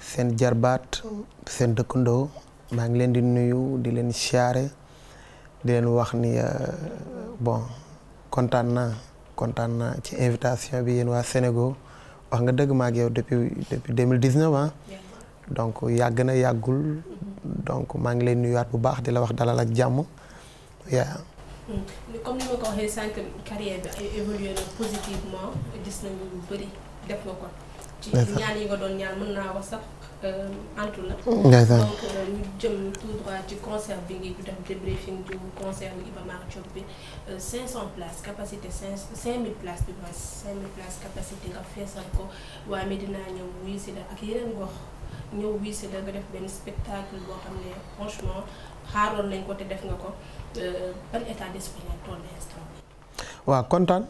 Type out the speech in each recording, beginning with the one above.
seen jarbaat seen dëkkandoo maa ngi leen di nuyu di leen siyaare di leen wax ni euh, bon kontaan naa kontaan naa ci invitation bi yéen waa Sénégal wax nga dëgg ma ak yow depuis mille dix neuf ah. donc yàgg na yàggul. donc maa ngi leen nuyuwaat bu baax di la wax dalal ak jàmm. Hmm. comme ci ñaan yi nga doon ñaan mën naa wax sax euh, antu la. donc euh, ñu jëm tout droit ci concert bi ngi def débriefing du concert bu Iba bi 500 euh, places capacité 5000 places du moins 5000 places capacité nga feesal ko waa Medina ñëw wuyu si ak yeneen gox ñëw wuyu si la nga def benn spectacle boo xam ne franchement xaaroon lañ ko te def nga ko ban état d'esprit nga toll instant bi. kontaan.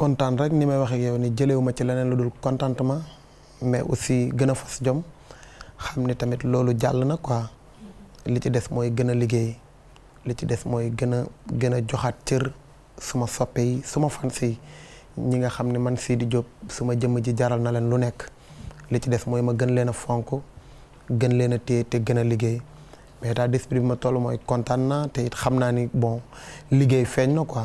kontaan rek ni may waxee ak yow ni jëlewuma ci leneen lu dul ma mais aussi gën a fas jom xam ni tamit loolu jàll na quoi li ci des mooy gën a liggéey li ci des mooy gën a gën a joxaat cër suma soppee yi suma fans yi ñi nga xam ne man sii Sidy Diop suma jëmm ji jaral na leen lu nekk li ci des mooy ma gën leen a fonk gën leen a téye te gën a liggéey mais daa d'esprit bi ma toll mooy kontaan na te it xam naa ni bon liggéey feeñ na quoi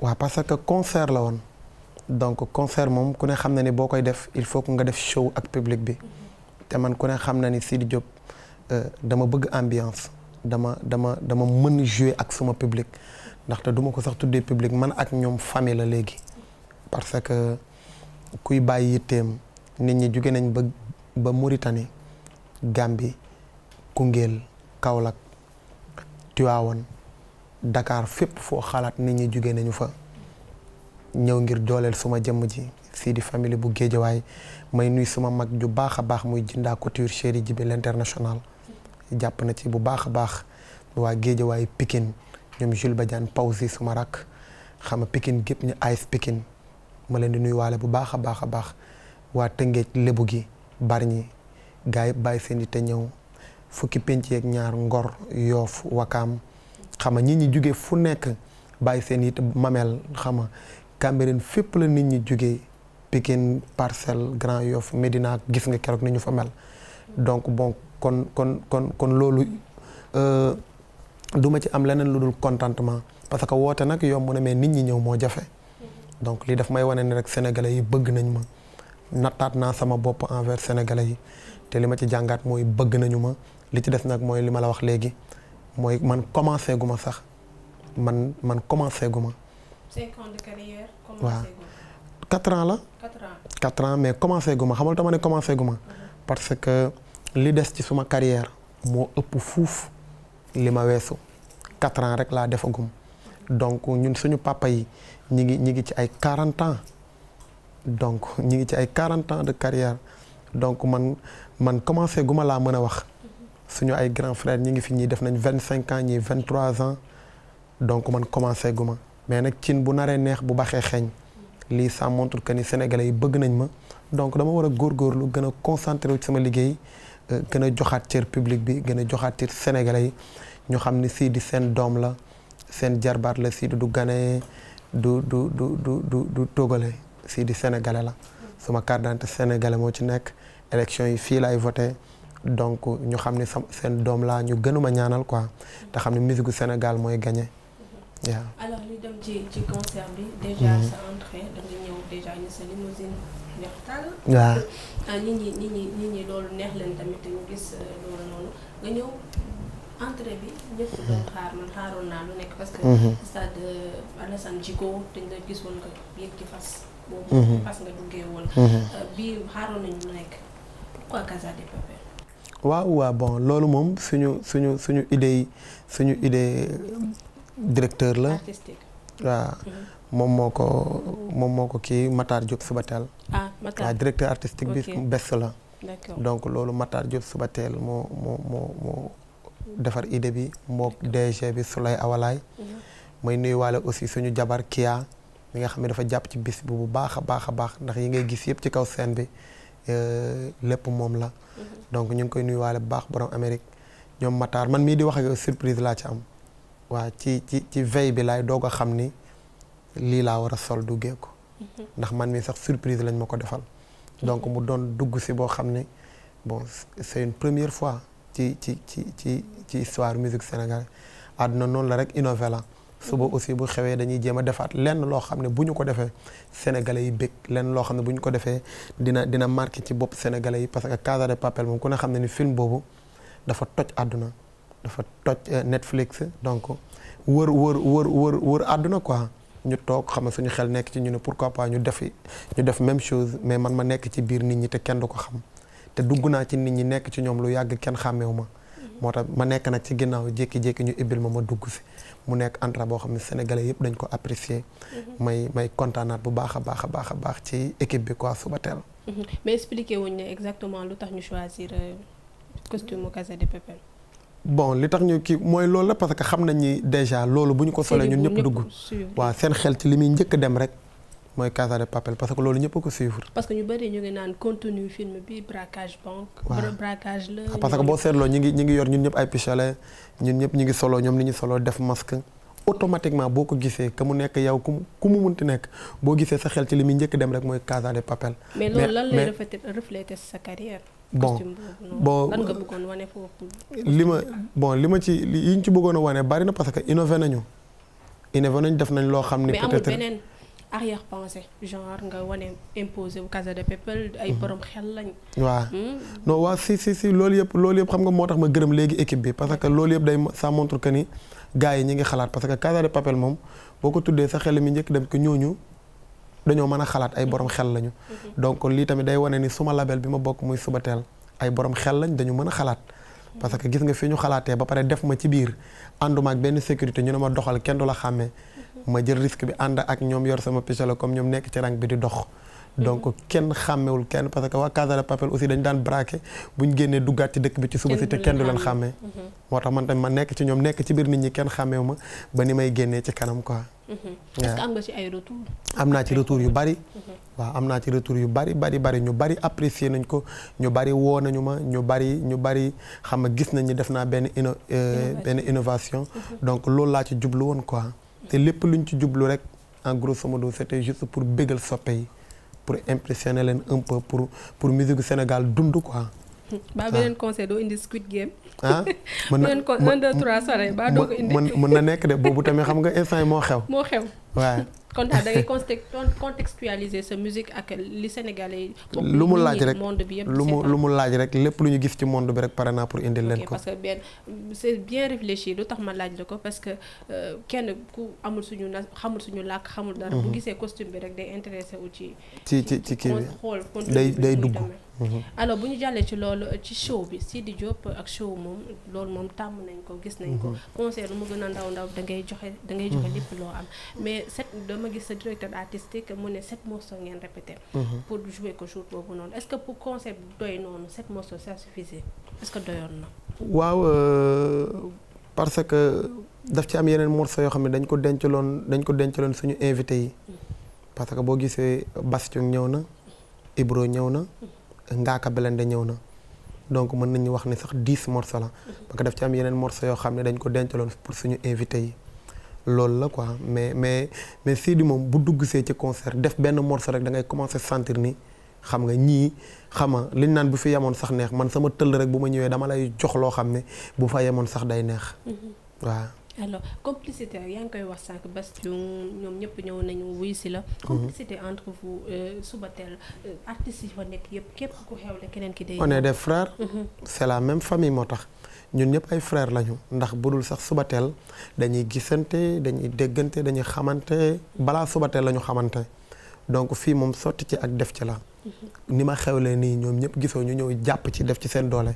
waaw parce que concert la woon donc concert moom ku ne xam na ni boo koy def il faut que nga def show ak public bi te man ku ne xam na ni Sidy Diop euh, dama bëgg ambiance dama dama dama mën jouer ak suma public ndaxte duma ko sax tuddee public man ak ñoom famille la léegi parce que kuy bàyyi yitteem nit ñi juge nañ ba ba Mauritanie Gambie Koungheul Kaolack Tivaouane Dakar fépp foo xalaat nit ñi jugee nañu fa ñëw ngir dooleel suma jëmm ji sii di famille bu géejawaay may nuy suma mag ju baax a baax muy Jinda Couture chéri ji bi jàpp na ci bu baax a baax waa géejawaay Pikine ñoom Jules Badiane Pawsi suma rakk xama pikin Pikine gépp ñu AS Pikine ma leen di nuyuwaale bu baax a baax a baax waa Tëngéej lébu gi Bargny gaa yi bàyyi seen di te ñëw fukki penc yeeg ñaar Ngor Yoof Wakaam xam nga nit ñi jugee fu nekk bàyyi seen it mamel xam nga Cambérène fépp la nit ñi jugee Pikine Parcelles Grand Yoff Médina gis nga keroog ni ñu fa mel. donc bon kon kon kon kon loolu euh, du ma ci am leneen lu dul contentement parce que woote nag yomb na mais nit ñi ñëw moo jafe. donc li daf may wane ni rek sénégalais yi bëgg nañ ma nattaat naa sama bopp envers sénégalais yi te li ma ci jàngaat mooy bëgg nañu ma li ci des nag mooy li ma la wax léegi. mooy man commencé gu ma sax man man commencé gu ma. cinq ans de quatre ans la. quatre ans mais commencé gu ma xamal tama ne commencé gu ma. Mhm. parce que li des ci suma carrière moo ëpp fuuf li ma weesu quatre ans rek laa defagum. Mhm. donc ñun suñu papa yi ñu ngi ñi ngi ci ay quarante ans donc ñu ngi ci ay quarante ans de carrière donc man man commencé gu ma laa mën a wax. suñu ay grand frère ñi ngi fi ñii def nañ vingt cinq ans ñii vingt trois ans donc man commencé ma mais nag cin bu naree neex bu baxee xeeñ lii ça montre que ni sénégalais yi bëgg nañ ma donc dama war a góorgóorlu gën a concentré wu ci sama liggéey euh, gën a joxaat cër public bi gën a joxaat cër sénégalais yi ñu xam ni sii di seen doom la seen jarbaat la Sidy du Ghanéen du du du du du du Togolais Sidy sénégalais la. sama carte d'identité sénégalais moo ci nekk élection yi fii laay voté. donc ñu xam ne sa seen doom laa ñu gënuma ñaanal ko te xam ne musique gu Sénégal mooy gagné waaw. alors ñu dem ci concert bi. Mm-hmm. déjà sa entrée da ñëw déjà ñu sa limousine nga ñëw. entrée bi ñëpp mm-hmm. doon xaar man xaaroon naa lu nekk parce que mm-hmm. stade euh, Alassane Djigo dañ la gis woon nga yëg fas boobu fas nga duggee woon euh, bii xaaroon nañu lu nekk pourquoi Casa de Papel waaw waa bon loolu moom suñu suñu suñu idée yi suñu idée euh, directeur la. artistique mhm. moom moo ko moom moo ko kii Matar Diop Subatel. ah Matar directeur artistique bi bés la. donc loolu Matar Diop Subatel moo moo moo defar idée bi moo DG bi Souley Awalaay. Mhm. may nuyuwaale aussi suñu jabar Kia mi nga xam ne dafa jàpp ci bis bi bu baax a baax a baax ndax yi ngay gis yëpp ci kaw scène bi euh, lépp moom la. Mm-hmm. donc ñu ngi koy nuyuwaale bu baax borom Amérique ñoom Matar man mii di wax ak surprise laa ci am waa ci ci ci veille bi laay doog a xam ni lii laa war a sol duggee ko mm-hmm. ndax man mii sax surprise lañ ma ko defal mm-hmm. donc mu doon dugg si boo xam ne bon c'est une première fois ci ci ci ci ci histoire musique sénégalaise àdduna noonu la rek innové la suba aussi bu xewee dañuy jéem a defaat lenn loo xam ne bu ñu ko defee sénégalais yi bëgg lenn loo xam ne bu ñu ko defee dina dina marqué ci bopp sénégalais yi parce que Casa de Papel moom ku ne xam ne ni film boobu dafa toj àdduna dafa toj euh, Netflix donc wër wër wër wër wër àdduna quoi ñu toog xam suñu xel nekk ci ñu ne pourquoi pas ñu defi ñu def même chose mais man ma nekk ci biir nit ñi te kenn du ko xam te dugg naa ci nit ñi nekk ci ñoom lu yàgg kenn xàmmeewu ma moo tax ma nekk na ci ginnaaw jékki-jékki ñu ibbil ma ma dugg fi mu nekk entre boo xam ne sénégalais yëpp dañ ko apprécier mhm. may may kontaanaat bu baax a baax a baax a baax ci équipe bi quoi suba teel. Mhm. mais expliqué wuñ ne exactement lu tax ñu choisir euh, costume mu Casa de Papel. bon li tax ñu kii mooy loolu la parce que xam nañ ni déjà loolu bu ñu ko solee ñun ñëpp dugg. waaw seen xel ci li muy njëkk dem rek. mooy Casa de Papel parce que loolu ñëpp a ko suivre. parce que ñu bëri ñu ngi naan contenu film bi braquage banque. Ah, parce que boo seetloo ñu ngi ñu ngi yor ñun ñëpp ay pistolet ñun ñëpp ñu ngi solo ñoom li ñu solo def masque. automatiquement boo ko gisee que mu nekk yow ku mu ku mu munti nekk boo gisee sa xel ci li muy njëkk dem rek mooy Casa de Papel. mais loolu lan lay refléter sa carrière. bon li ma bon li ma ci yi ñu ci bëggoon a wane bari na parce que innové nañu innové nañu def nañ loo xam arrière pensée genre nga wane imposé wu Casa de Papel ay mhm. borom xel lañ. waaw hmm. non waa si si si loolu yëpp loolu yëpp xam nga moo tax ma gërëm léegi équipe bi parce que loolu yëpp day ça montre que ni gars yi ñi ngi xalaat parce que Casa de Papel moom boo ko tuddee sa xel mi njëkk dem ko ñu dañoo mën a xalaat ay borom xel lañu. Mhm. donc lii tamit day wane ni suma labeel bi ma bokk muy Subatel ay borom xel lañ dañu mën a xalaat. Mhm. parce que gis nga fi ñu xalaatee ba pare def ci biir ànduma benn sécurité ñu ne ma doxal kenn du la xàmmee. ma jël risque bi ànd ak ñoom yor sama pistolet comme ñoom nekk ci rang bi di dox. donc mm-hmm. kenn xàmmewul kenn parce que waa Casa de Papel aussi dañ daan braqué buñ génnee duggaat ci dëkk bi ci suba si te kenn du leen xàmmee. Mm-hmm. moo tax man tamit ma nekk ci ñoom nekk ci biir nit ñi kenn xàmmeewu ma ba ni may génnee ci kanam quoi. Mm-hmm. est am nga ci am naa ci retour yu bari. waaw am naa ci retour yu bari bari bari ñu bari apprécier nañ ko ñu bari woo nañu ma ñu bari ñu bari xam nga gis nañ ni def naa benn euh, benn innovation. donc loolu laa ci jublu woon quoi. te lépp luñ ci jublu rek en grosso modo c'était juste pour bégal soppe yi pour impressionner leen un peu pour pour musique Sénégal ko quoi ba ah. beneen conseil doo indi squid game. ah mën na mën na mën na nekk de boobu tamit xam nga instant yi moo xew. moo xew waaw. kon daal da ngay contextualiser sa musique ak li sénégalais. lu mu laaj rek monde bi yëpp lu mu lu mu laaj rek lépp lu ñu gis ci monde bi rek pare naa pour indil leen ko. parce que benn c'est bien réfléchi lu tax ma laaj la ko parce que euh, kenn ku amul suñu na xamul suñu làkk xamul dara. bu mhm. gisee costume bi rek day intéressé wu ci. ci ci ci kii bi xool day day dugg. Mm-hmm. alors bu ñu jàllee ci loolu ci show bi Sidi Diop ak show moom loolu moom tàmm nañ ko gis nañ ko mm-hmm. concert lu mu gën a ndaw ndaw da ngay joxe da ngay joxe mm-hmm. lépp loo am mais set dama gis sa directeur artistique mu ne sept morceaux ngeen répété pour jouer ko jour boobu noonu est-ce que pour concert bu doy noonu sept morceaux ça suffisait est que doyoon na waaw euh, parce que daf ci am yeneen morceaux yoo xam ne dañ ko dencaloon dañ ko dencaloon suñu invité yi mm. parce que boo gisee Bastion ñëw na ñëw na mm. Ngaaka Blindé ñëw na donc mën nañu wax ne sax dix morceaux la parce que def ci am yeneen morceaux yoo xam ne dañ ko dencaloon pour suñu invité yi loolu la quoi mais mais mais di moom bu dugg see ci concert def benn morceau rek da ngay commencer sentir ni xam nga ñii xam nga liñ naan bu fi yemoon sax neex man sama tëll rek bu ma ñëwee dama lay jox loo xam ne bu fa yemoon sax day neex mm-hmm. waaw alors complicité yaa ngi koy wax sànq bas ñoom ñëpp ñëw nañu wuy si la. Mhm. complicité entre vous euh, suba teel euh, artistes yi fa nekk yëpp képp ku xewle keneen ki day. on est des frères. Mhm. c'est la même famille moo tax ñun ñëpp ay frères lañu ndax bu dul sax suba teel dañuy gisante dañuy déggante dañuy xamante balaa suba teel la ñu xamante donc fii moom sotti ci ak def ci la. Mhm. ni ma xewlee nii ñoom ñëpp gisoo ñu ñëw jàpp ci def ci seen doole.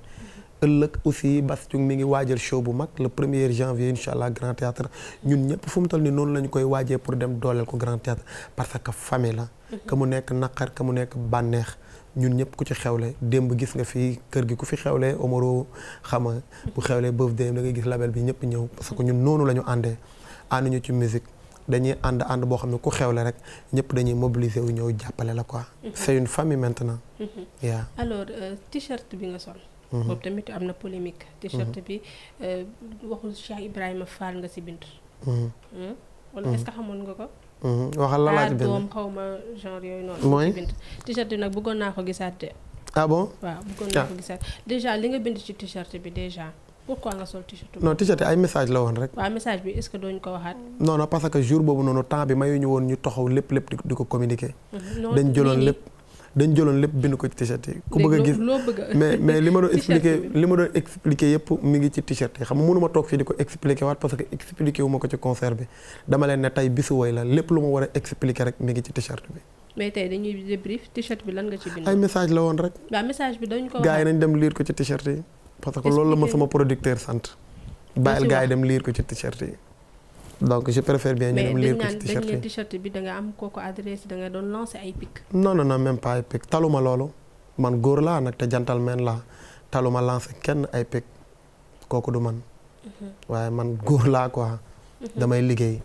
ëllëg aussi Bass Thioung mi ngi waajal show bu mag le premier janvier incha allah grand théâtre ñun ñëpp fu mu toll ni noonu la koy waajee pour dem dooleel ko grand théâtre parce que famille la mhm. ka mu nekk naqar ka mu nekk bànneex ñun ñëpp ku ci xewle démb gis nga fi kër gi ku fi xewle Omaro xama bu xewle boobu démb da ngay gis label bi ñëpp ñëw parce que ñun noonu la ñu àndee ñu ci musique dañuy ànd ànd boo xam ne ku xewle rek ñëpp dañuy mobiliser wu ñëw jàppale la quoi mhm. c'est une famille maintenant mhm. euh, Mhm. boobu tamit am na polémique. Mhm. t-shirt bi euh, waxul Cheikh Ibrahima Fall nga si bind. Mhm. Hmm? wala est-ce que xamoon nga ko. waxal la laa ci bind doom xaw ma genre yooyu noonu. mooy bind gisaat de. ah bon li nga bi déjà. pourquoi nga sol t-shirt t-shirt la woon rek. waaw message bi est-ce que dooñu ko waxaat. non non parce que jour boobu noonu temps bi mayuñu woon ñu taxaw lépp lépp di ko communiquer. dañ jëloon lépp. dañ jëloon lépp bind ko ci t-shirt yi ku bëgg a gis mais mais li ma doon expliqué li ma doon expliqué yëpp mi ngi ci t-shirt yi xam ma mënu ma toog fii di ko expliqué waat parce que expliqué wu ma ko ci concert bi dama leen ne tey bisu woy la lépp lu ma war a expliqué rek mi ngi ci t-shirt bi mais nga ci bind ay message la woon rek waaw message bi dañ ko yi nañ dem liir ko ci t-shirt yi parce que loolu la ma sama producteur sant bàyyil gars yi dem liir ko ci t-shirt yi donc je préfère bien ñu dem lire t bi da nga am kooku adresse da nga doon lancer ay pic. non non non même pas ay pic taluma loolu man góor laa nag te gentleman laa taluma lancer kenn ay pic kooku du man. Mhm. waaye man góor laa quoi. Mhm. damay liggéey.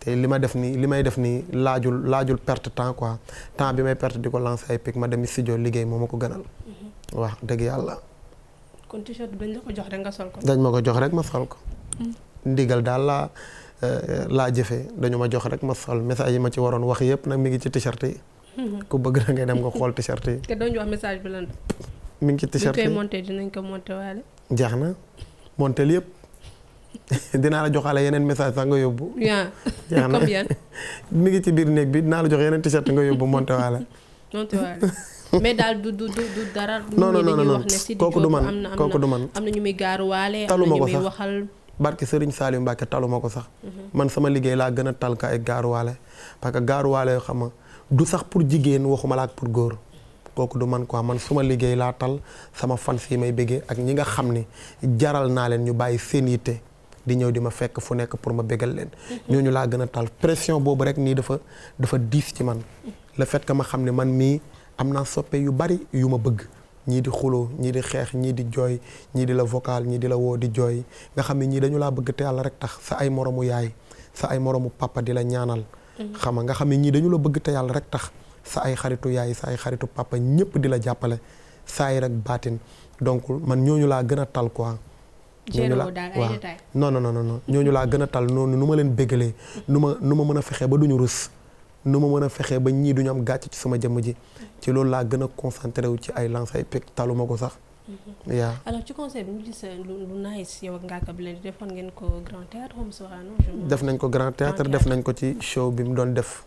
te li ma def nii li may def nii laajul laajul perte temps quoi temps bi may perte di ko lancer ay pic ma dem studio liggéey moo ma ko gënal. Mhm. wax dëgg yàlla. kon t-shirt dañ la ko jox rek nga sol ko. dañ ma ko jox rek ma sol ko. laa jëfee dañu ma jox rek ma sol message yi ma ci waroon wax yëpp nag mi ngi ci t-shirt yi. Mhm. ku bëgg na ngay dem nga xool t-shirt yi. te doon wax ngi ci na monté yëpp dinaa yeneen message sax nga yóbbu. yaa jeex na mi ngi ci biir néeg bi dinaa la jox yeneen t-shirt nga yóbbu monté waale. monté waale. mais daal du dara. non non non kooku du man kooku du am na ñu muy gaaruwaale. taluma ko sax barki Serigne Saliou Mbacke taluma ko sax. Mhm. man sama liggéey laa gën a tal ka ay gaaruwaale parce que gaaruwaale yoo xam du sax pour jigéen waxuma la ak pour góor. kooku du man quoi man suma liggéey laa tal sama fan si may béggee ak ñi nga xam ni jaral naa leen ñu bàyyi seen yitte di ñëw di ma fekk fu nekk pour ma bégal leen. Mhm. ñooñu laa gën a tal pression boobu rek nii dafa dafa diis ci man. le fait que ma xam ne man mii am naa soppe yu bari yu ma bëgg. ñii di xuloo ñii di xeex ñii di jooy ñii di la vocal ñii di la woo di jooy nga xam ne ñii dañu laa bëgg te yàlla rek tax sa ay moromu yaay sa ay moromu papa di la ñaanal. Mm-hmm. xam nga xam ne ñii dañu la bëgg te yàlla rek tax sa ay xaritu yaay sa ay xaritu papa ñëpp di la jàppale saa yi rek baatin donc man ñooñu laa gën a tal quoi. la waaw non non ñooñu laa gën a tal noonu nu ma leen béggalee mm-hmm. nu ma nu ma mën a fexe ba duñu rus. nu ma mën a fexee ba ñii du ñoom gàcc ci sama jëmm ji ci loolu laa gën a concentré wu ci ay lancer ay peg taluma ko sax mhm. yaa alors ci conseil bi ñu gis euh, lu nice yow ak Ngaaka Blindé defoon ngeen ko grand théâtre Home def nañ ko grand théâtre def nañ ko ci show bi mu doon def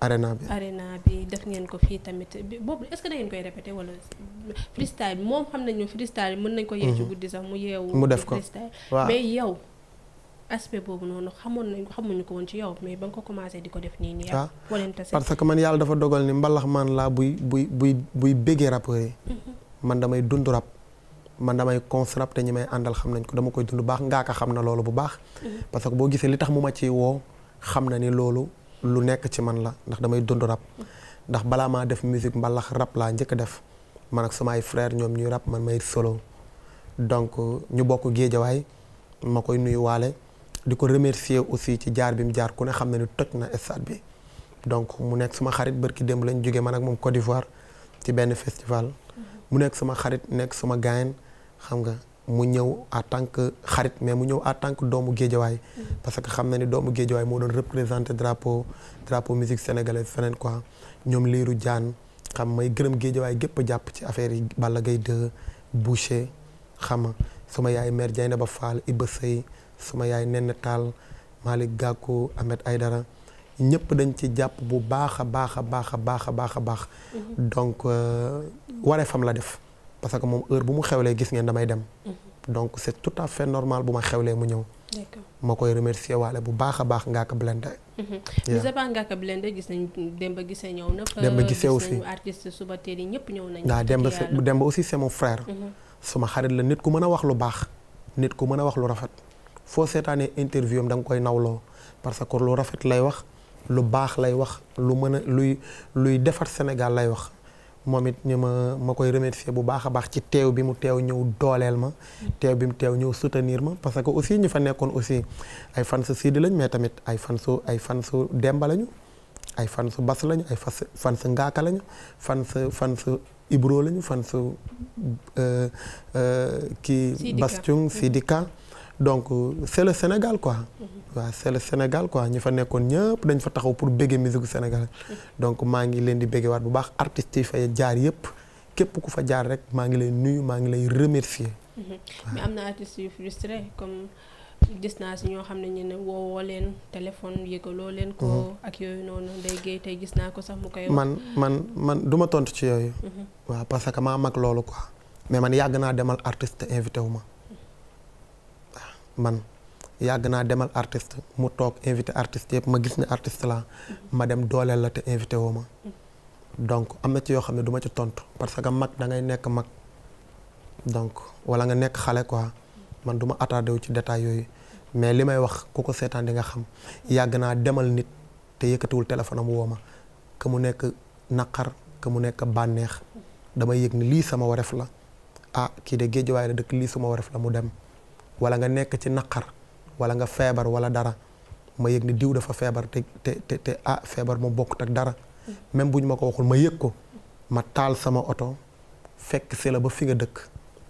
arena bi arena bi def ngeen ko fii tamit boobu est-ce que da ngeen koy répété wala freestyle moom xam nañu freestyle mën nañ ko yee ci mhm. guddi sax mu yeewu mu def ko freestyle yow aspect boobu noonu xamoon nañ ko xamuñu ko woon ci yow mais ba nga ko commencé di ko def nii nii. Ah. waaw parce que man yàlla dafa dogal ni mbalax man laa buy buy buy buy bëggee rappeur yi mm-hmm. man damay dund rap man damay cons rap may àndal xam nañ ko dama koy dund baax ngaa xam na loolu bu baax. Mm-hmm. parce que boo gisee li tax mu ma ci woo xam na ni loolu lu nekk ci man la ndax damay dund rap mm-hmm. ndax balaa maa def musique mbalax rap laa njëkk def man ak sama ay frère ñoom ñuy rap man may solo donc ñu bokk géejawaay ma koy nuyuwaale. di ko remercier aussi ci jaar bi mu jaar ku ne xam na ni toj na stade bi donc mu nekk suma xarit bërki démb lañ jógee man ak moom Côte d'Ivoire ci benn festival mu nekk suma xarit nekk suma gaayen xam nga mu ñëw en tant que xarit mais mu ñëw en tànk que doomu géejawaay parce que xam na ni doomu géejawaay moo doon représenté drapeau drapeau musique sénégalaise feneen quoi ñoom liiru jaan xam may gërëm géejawaay gépp jàpp ci affaire yi Balla Gaye 2 Boucher xama suma yaay mère Diagne ba Fall Iba Sey sama yaay nenn taal Malick Gakou ay dara ñëpp dañ ci jàpp bu baax a baax a baax a baax a baax a baax. Mhm. donc euh, waree fam la def parce que moom heure bu mu xewlee gis ngeen damay dem. Mhm. donc c' tout à fait normal bu ma xewlee mu ñëw. ma koy remercier waale bu baax a baax Ngaaka Blindé. nous mhm. avons Ngaaka Blindé gis nañ Demba Gissé ñëw na. Demba Gissé aussi artiste suba teel ñëpp ñëw nañu. waaw Demba Demba aussi c' est mon xarit la nit ku mën a wax lu baax. nit ku mën a wax lu rafet. foo seetaanee interview am da nga koy nawloo parce que lu rafet lay wax lu baax lay wax lu mën a luy luy defar Sénégal lay wax moom it ñu ma ma koy remercier bu baax a baax ci teew bi mu teew ñëw dooleel ma. teew bi mu teew ñëw soutenir ma parce que aussi ñu fa nekkoon aussi ay fan su Sidi lañ mais tamit ay fan su ay fan su Demba lañu. ay fan su Bas lañu ay fas fan su Ngaaka lañu fan su fan su lañu fan su euh, euh, kii. Sidika Bass Thioung Sidika donc c'est Sénégal quoi. waaw c'est le Sénégal quoi ñu fa nekkoon ñëpp dañ fa taxaw pour béggee musique Sénégal. donc maa ngi leen di béggewaat bu baax artistes yi fa jaar yëpp képp ku fa jaar rek maa ngi lay nuyu maa ngi lay remercier. Mhm. mais am na artistes yu frustré comme gis naa si ñoo xam ne ñu ne woowoo leen téléphone yëgaloo leen ko. Mhm. ak yooyu noonu day géey tey gis naa ko sax mu koy. man man man du ma tontu ci yooyu. Mhm. waaw parce que maa mag loolu ko mais man yàgg naa demal artiste invité wu ma. man yàgg naa demal artiste mu toog invité artiste yëpp ma gis ne artiste la ma dem dooleel la te invité woo ma donc am na ci yoo xam ne du ma ci tontu parce que mag da ngay nekk mag donc wala nga nekk xale quoi man du ma attardé wu ci détail yooyu mais li may wax ku ko seetaan di nga xam yàgg naa demal nit te yëkkatiwul téléphone am woo ma que mu nekk naqar que mu nekk bànneex damay yëg ni lii sama wareef la ah kii de géej waaye la dëkk lii suma wareef la mu dem wala nga nekk ci naqar wala nga feebar wala dara ma yëg ni diw dafa feebar te te te te ah feebar mu bokkut ak dara même buñ ma ko waxul ma yëg ko ma taal sama oto fekk si la ba fi nga dëkk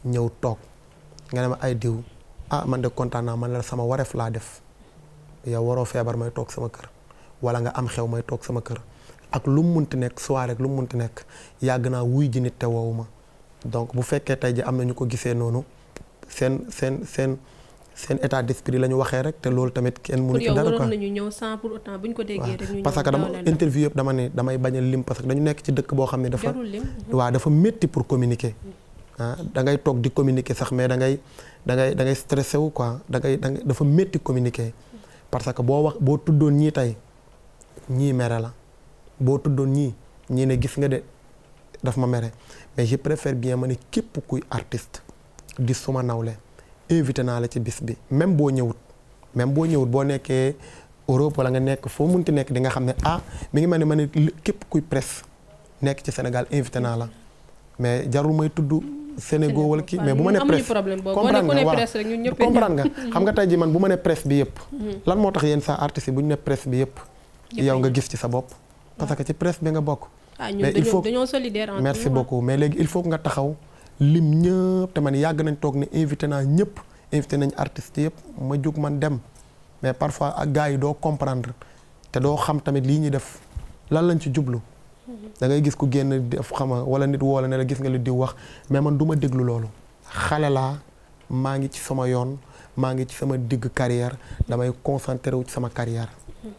ñëw toog nga ne ma ay diw ah man de kontaan naa man la sama wareef laa def yow waroo feebar may toog sama kër wala nga am xew may toog sama kër ak lu mu munti nekk soirée rek lu mu munti nekk yàgg naa wuy ji nit te woowu ma donc bu fekkee tey ji am na ñu ko gisee noonu seen seen seen seen état d'esprit la ñu waxee rek te loolu tamit kenn mu ci dara quoi ñëw sans pour ko parce que dama interview yëpp dama damay bañ lim parce que dañu nekk ci dëkk boo xam ne dafa waaw dafa métti pour communiquer mm. ah da ngay toog di communiquer sax mais dangay dangay da ngay da wu quoi da ngay da dafa métti communiquer parce que boo wax boo tuddoon ñii tey ñii mere la boo tuddoon ñii ñii ne gis nga de daf ma mere mais je préfère bien ma ne képp kuy artiste di suma nawle invité naa la ci bis bi même boo ñëwut même boo ñëwut boo nekkee Europe wala nga nekk foo mun munti nekk di nga xam ne ah mi ngi mel ne ma ne képp kuy presse nekk ci Sénégal invité naa la mais jarul may tudd Sénégal wala kii mais bu ma ne presse comprendre nga waaw comprendre xam nga tey ji man bu ma ne bi yëpp mm-hmm. lan moo tax yéen saa artistes yi bu ñu ne presse bi yëpp yow nga gis ci sa bopp parce ah. que ci presse bi nga bokk ah, mais il faut merci beaucoup mais léegi il faut nga taxaw lim ñëpp te man yàgg nañ toog ne invité naa ñëpp invité nañ artistes yëpp ma jug man dem mais parfois ak gars yi doo comprendre te doo xam tamit lii ñuy def lan lañ ci jublu. da ngay gis ku génn def xama wala nit woo la ne la gis nga li diw wax mais man duma déglu loolu. xale laa maa ngi ci sama yoon maa ngi ci sama digg carrière damay concentré wu ci sama carrière.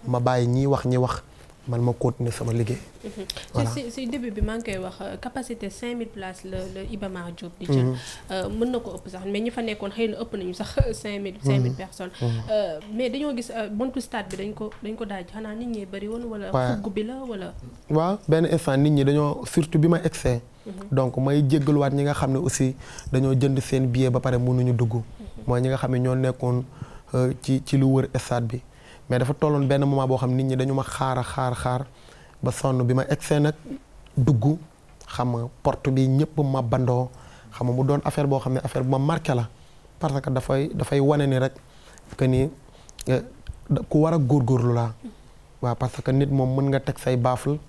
ma bàyyi ñii wax ñi wax. man ma continuer sama liggéey. Mm-hmm. si si début bi maa ngi koy wax euh, capacité 5000 places place la Iba Mar di jël mm-hmm. euh, mën na ko ëpp sax mais ñi fa nekkoon xëy na ëpp nañu sax 5000. 5000 mm-hmm. personnes. Euh, mais dañoo gis bontu stade bi dañ ko dañ ko daaj xanaa nit ñi bëri woon. wala fugg bi la wala. waaw benn instant nit ñi dañoo surtout bi ma egsee. donc may jéggaluwaat ñi nga xam ne aussi dañoo jënd seen billet ba pare mënuñu dugg. mooy ñi nga xam ne ñoo nekkoon ci ci lu wër stade bi. mais dafa tolloon benn moment boo xam nit ñi dañu ma xaar a xaar xaar ba sonn bi ma egsee nag dugg xam nga porte bi ñëpp ma bandoo xam nga mu doon affaire boo xam ne affaire bu ma marke la parce que dafay dafay wane ni rek que ni eh, ku war a góor góorlu laa waa parce que nit moom mën nga teg say baaful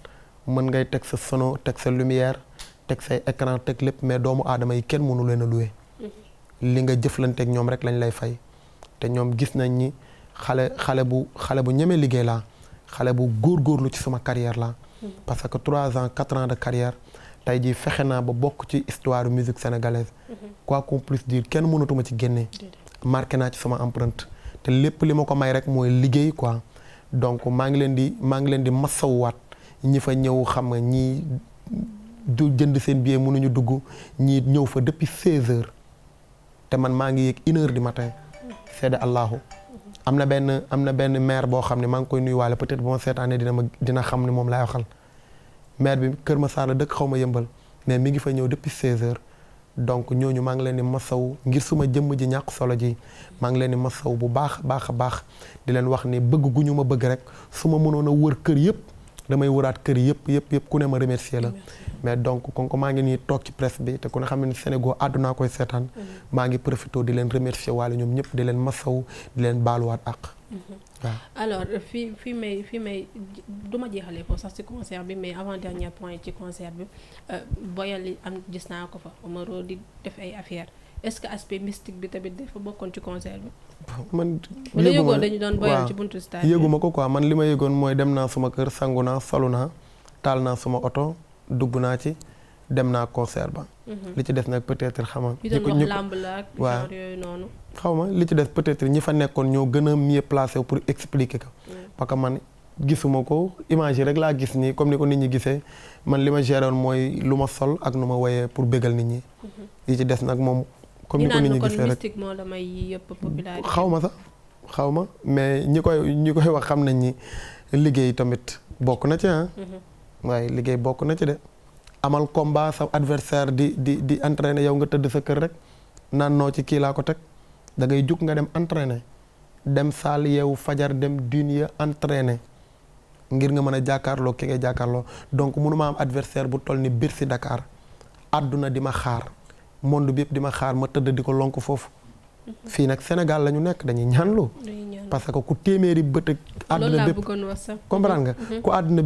mën ngay teg sa sono teg sa lumière teg say écran teg lépp mais doomu aadama yi kenn mënu leen a loué. Mm-hmm. li nga jëflanteeg ñoom rek lañ lay fay te ñoom gis nañ ni. xale xale bu xale bu ñemee liggéey laa xale bu góor góorlu ci sama carrière la hmm. parce que trois ans quatre ans de carrière tey jii fexe naa ba bokk ci histoire musique sénégalaise hmm. quoi qu'on plus dire kenn mënatuma ci génne marqué naa ci sama empreinte te lépp li ma ko may rek mooy liggéey quoi donc maa ngi leen di maa ngi leen di massawuwaat ñi fa ñëw xam nga ñii du jënd seen billet mënuñu dugg ñii ñëw fa depuis 16 heures te man maa ngi yéeg une heure matin hmm. sedd Allahu am na benn am na benn maire boo xam ne maa ngi koy nuyuwaale peut-être bu ma seetaanee dina ma dina xam ne moom laay waxal maire bi Kër ma saala dëkk xaw ma yëmbal mais mi ngi fa ñëw depuis 16 heures donc ñooñu maa ngi leen ma masaw ngir suma jëmm ji ñàkk solo ji maa ngi leen ma masaw bu baax baax a baax di leen wax ni bëgg gu ñu ma bëgg rek su ma mënoon a wër kër yëpp damay wëraat kër yëpp yëpp yëpp ku ne ma remercier la. mais donc kon ko maa ngi nii toog ci presse bi te ku ne xam ne Sénégal àddunaa koy seetaan mm-hmm. maa ngi profité di leen remercier waale ñoom ñëpp di leen masaw di leen baaluwaat ak mm-hmm. waaw alors fii fii may fii may du ma jeexalee ko sax ci concert bi mais avant dernier point ci concert bi euh, boyal am gis naa ko fa di def ay affaires est-ce que aspect mystique bi tamit bokkoon ci concert bi. man yëguma dañu doon boyal ci buntu stade yëguma ko quoi man li ma yëgoon mooy dem naa suma kër sangu naa salu naa taal naa suma oto. dugg naa ci dem naa concert ba. Mhm. li ci des nag peut-être xama ñu doon wax làmb noonu. xaw ma li ci des peut-être ñi fa nekkoon ñoo gën a mieux placé pour expliquer ko. Mhm. parce que man gisuma ko image yi rek laa gis nii comme ni ko nit ñi gisee man li ma geroon mooy lu ma sol ak nu ma woyee pour bégal nit ñi. Mhm. li ci des nag moom. comme ni ko nit ñi gisee rek xaw ma sax xaw ma mais ñi koy ñi koy wax xam nañ ni liggéey tamit bokk na ci ah. waaye liggéey bokk na ci de amal combat sa adversaire di di di entraîner yow nga tëdd sa kër rek naan noo ci kii laa ko teg dangay ngay jug nga dem entraine dem saal yeewu fajar dem dunya entraîner ngir nga mën a jàkkaarloo ki ngay jàkkaarloo donc mënuma am adversaire bu toll ni biir si dakaar àdduna di ma xaar monde bépp di ma xaar ma tëdd di ko lonk foofu. Mhm. fii nag Sénégal la ñu nekk dañuy ñaanlu. parce que ku téeméeri bët ak. Mhm. àdduna bépp loolu laa nga. ku àdduna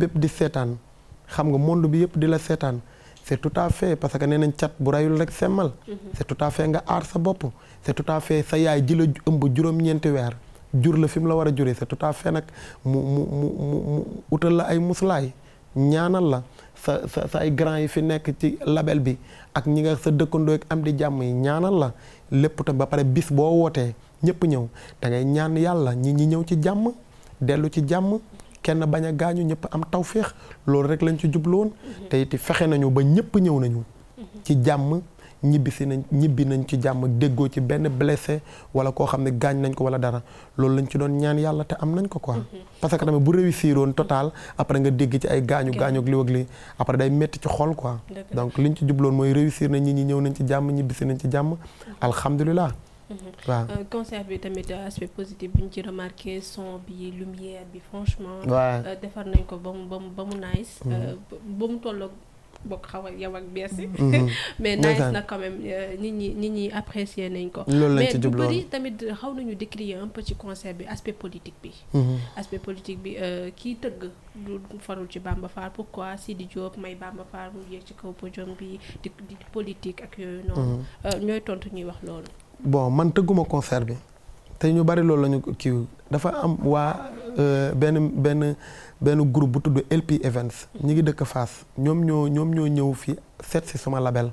xam nga monde bi yëpp di la seetaan c' est tout à fait parce que nee nañ cat bu rayul rek semmal mhm. c' est tout à fait nga aar sa bopp c' est tout à fait sa yaay ji la ëmb juróom-ñeenti weer jur la fi mu la war a juree sa est tout à fait nag mu mu mu mu utal la ay muslaay ñaanal la sa sa sa ay grand yi fi nekk ci label bi ak ñi nga sa dëkkandoo am di jàmm yi ñaanal la lépp tam ba pare bis boo wootee ñëpp ñëw da ñaan yàlla ñi ñi ñëw ci jàmm dellu ci jàmm kenn bañ a gaañu ñëpp am tawféex loolu rek lañu ci jublu woon te it fexe nañu ba ñëpp ñëw nañu ci jàmm si nañ ñibbi nañ ci jàmm déggoo ci benn blessé wala koo xam ne gaañ nañ ko wala dara loolu lañ ci doon ñaan yàlla te am nañ ko quoi. Mhm. parce que tamit bu réussir woon total après nga dégg ci ay gaañu gaañu ak li après day métti ci xol donc liñ ci jubloon mooy réussir nañ ñi ñi ñëw nañ ci jàmm ñibbisi nañ ci jàmm mhm. alhamdulilah. Mhm. waaw euh, concert bi tamit euh, aspect positif bu ñu ci remarqué son bi lumière bi franchement. Euh, defar nañ ko ba mu ba mu ba mu nice. Mhm. ba mu tolloog bokk xaw ak ak bees mhm. yi mais nice na quand même nit ñi nit ñi apprécier nañ ko. loolu lañ ci mais bu bëri tamit xaw nañu décrier un peu ci concert bi aspect politique bi. aspect politique bi kii tëgg du farul ci pour quoi si di Diop may Bamba Fall mu yéeg ci kaw podium bi di di politique ak yooyu noonu. ñooy tontu ñuy wax loolu. bon man tëgguma concert bi te ñu bari loolu la ñu kii dafa am waa euh, benn benn benn groupe bu tudd LP Events ñi ngi dëkk Fass ñoom ñoo ñoom ñoo ñëw fi seet si suma label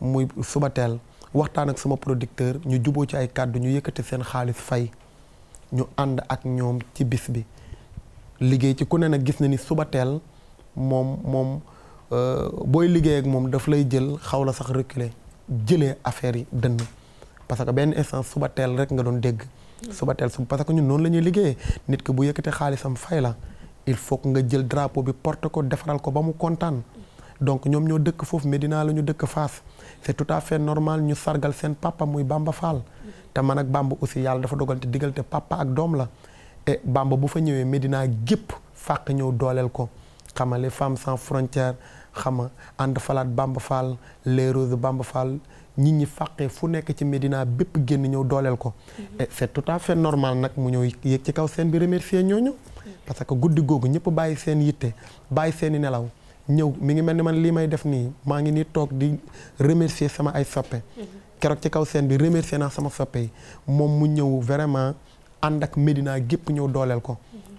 muy suba teel waxtaan ak suma producteur ñu juboo ci ay kàddu ñu yëkkati seen xaalis fay ñu ànd ak ñoom ci bis bi liggéey ci ku ne nag gis na ni suba teel moom moom euh, booy liggéey ak moom daf lay jël xaw la sax reculer jëlee affaire yi dënn parce que benn essence suba teel rek nga doon dégg. suba teel suba parce que ñun noonu lañuy ñuy liggéeyee nit ki bu yëkkatee xaalisam fay la il faut que nga jël drapeau bi porte ko defaral ko ba mu kontaan. donc ñoom ñoo dëkk foofu Medina la ñu dëkk Fass c'est tout à fait normal ñu sargal seen papa muy Bamba Fall. te man ak Bamba aussi yàlla dafa dogal te diggante papa ak doom la. et Bamba bu fa ñëwee Medina gépp fàq ñëw dooleel ko xama les femmes sans frontières xama ànd falaat Bamba Fall les roses Bamba Fall. nit ñi fàqee fu nekk ci Médina bépp génn ñëw dooleel ko mhm. et c'est à fait normal nag mu ñëw yéeg ci kaw seen bi remercier ñooñu mhm. parce que guddi googu ñëpp bàyyi seen yitte bàyyi seen i nelaw ñëw mi ngi mel ni man lii may def nii maa ngi nii toog di remercier sama ay soppe mhm. keroog ci kaw seen bi remercier naa sama soppe yi moom mu ñëw vraiment ànd ak Médina gépp ñëw dooleel ko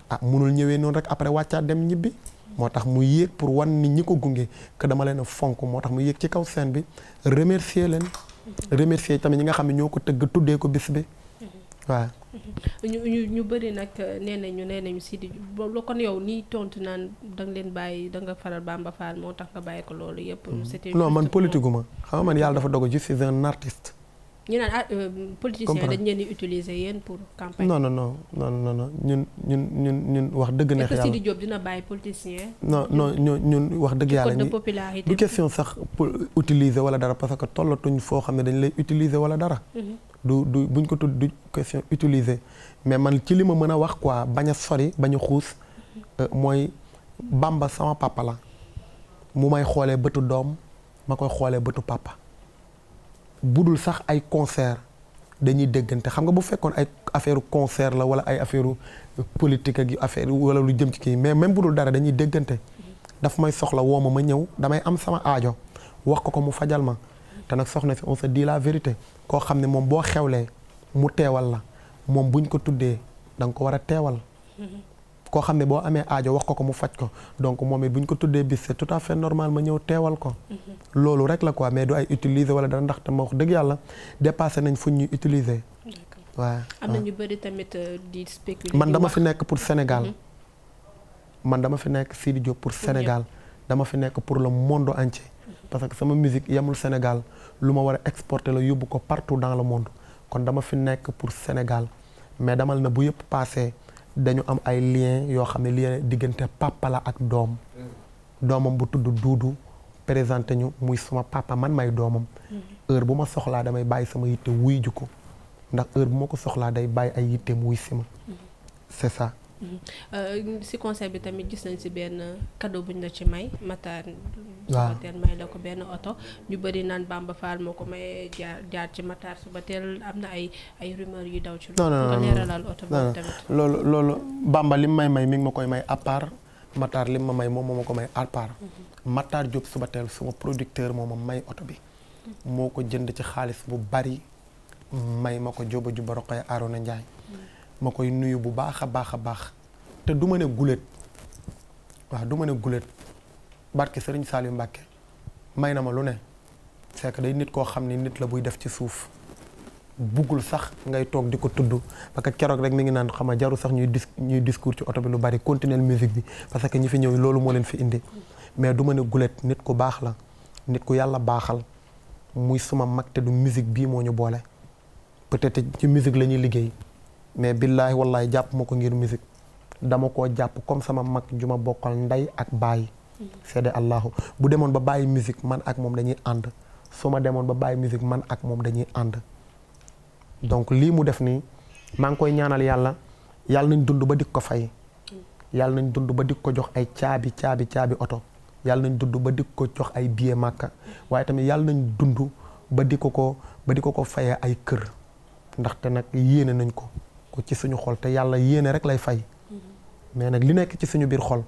ah mënul ñëwee noonu rek après wàccaat dem ñibbi moo tax mu yéeg pour wan ni ñi ko gunge que dama leen a fonk moo tax mu yéeg ci kaw scène bi remercier leen. remercier tamit ñi nga xam ne ñoo ko tëgg tuddee ko bis bi waaw. ñu ñu ñu bëri nag nee nañu nee sii Sidy loo kon yow nii tontu naan danga leen bàyyi danga faral Bamba Fall moo tax nga bàyyi ko loolu yëpp. Mm-hmm. c'était man politique gu ma xam nga man yàlla dafa dogo je suis un artiste. ñu naan ah euh, politiciens dañ leen di utiliser yéen pour campagne. non non non non non ñun ñun ñun ñun wax dëgg neex yàlla. est-ce que Sidi Diop dina bàyyi wax dëgg yàlla. ñi du question sax pour utiliser wala dara parce que tollatuñ foo xam ne dañ lay utiliser wala dara. Mm-hmm. du du buñ ko tudd du question utiliser mais man ci li ma mën a wax quoi bañ sori bañ a xuus mm-hmm. euh, mooy Bamba sama papa la mu may xoolee bëtu doom ma koy xoolee bëtu papa. bu dul sax ay concert dañuy déggante xam nga bu fekkoon ay affaire concert la wala ay affaire politique ak affaire wala lu jëm ci kii mais même budul dara dañuy déggante dafa may soxla woo ma ma ñëw damay am sama aajo wax ko ko mu fajal ma te nag soxna si on se di la vérité koo xam ne moom boo xewlee mu teewal la moom buñ ko tuddee da nga ko war a teewal koo xam ne boo amee aajo wax ko ko mu faj ko donc moom it bu ñu ko tuddee bis c'est tout à fait normal ma ñëw teewal ko mm-hmm. loolu rek la ko mais du ay utiliser wala dara ndax ma wax dëgg yàlla dépassé nañ fu ñuy utiliser waaw am tamit euh, mm-hmm. man dama fi nekk pour Sénégal man dama fi nekk Sidi Diop pour Sénégal dama fi nekk pour le monde entier mm-hmm. parce que sama musique yemul Sénégal lu ma war a la yóbbu ko partout dans le monde kon dama fi nekk pour Sénégal mais damal na bu yëpp passé dañu am ay lien yoo xam ne lien diggante papa la ak doom doomam bu tudd duudu présenté ñu muy suma papa man may doomam mm-hmm. heure bu ma soxlaa damay bàyyi sama yitte wuy ju ko ndax heure bu ma ko soxlaa day bàyyi ay yitteem wuy si ma mm-hmm. c'est ça Euh, si conseil bi tamit gis nañ si benn kado buñ la ci may Matar. waaw Subatel may la ko benn oto ñu bëri naan Bamba Fall moo ko may jaar jaar ci Matar teel am na ay ay rumeur yu daw ci. non non non leeralal oto boobu tamit. loolu loolu lim may may mi ma koy may à part Matar lim ma may moom ma ko may à part. Mhm. Matar Diop Subatel suma producteur moo ma may oto bi. Mhm. moo ko jënd ci xaalis bu bari may ma ko jóoba juba roqee Arona Ndiaye. ma koy nuyu bu baax a baax a baax te du ma ne gulet waaw du ma ne gulet barke Serigne Saliou Mbacke may na ma lu ne c'est que nit koo xam ni nit la buy def ci suuf buggul sax ngay toog di ko tudd parce que keroog rek mi ngi naan xama jaru sax ñuy dis ñuy discours ci oto bi lu bari continuer musique bi parce que ñi fi ñëw loolu moo leen fi indi mais du ma ne gulet nit ku baax la nit ku yàlla baaxal muy suma mag te du musique bii moo ñu boole peut-être ci musique la ñuy liggéey mais billaahi wallaahi jàpp ma ko ngir musique dama koo jàpp comme sama mag ju ma bokkal ndey ak baay. seede allahu bu demoon ba bàyyi musique man ak moom dañuy ànd su ma demoon ba bàyyi musique man ak moom dañuy ànd donc lii mu def nii maa ngi koy ñaanal yàlla yàlla nañ dund ba dik ko fay yàlla nañ dund ba dikk ko jox ay caabi caabi caabi oto yàlla nañ dund ba dik ko jox ay billet màkka waaye tamit yàlla nañ dund ba di ko ko ba di ko ko fayee ay kër ndaxte nag yéene nañ ko ko ci suñu xol te yàlla yéene rek lay fay mais nag li nekk ci suñu biir xol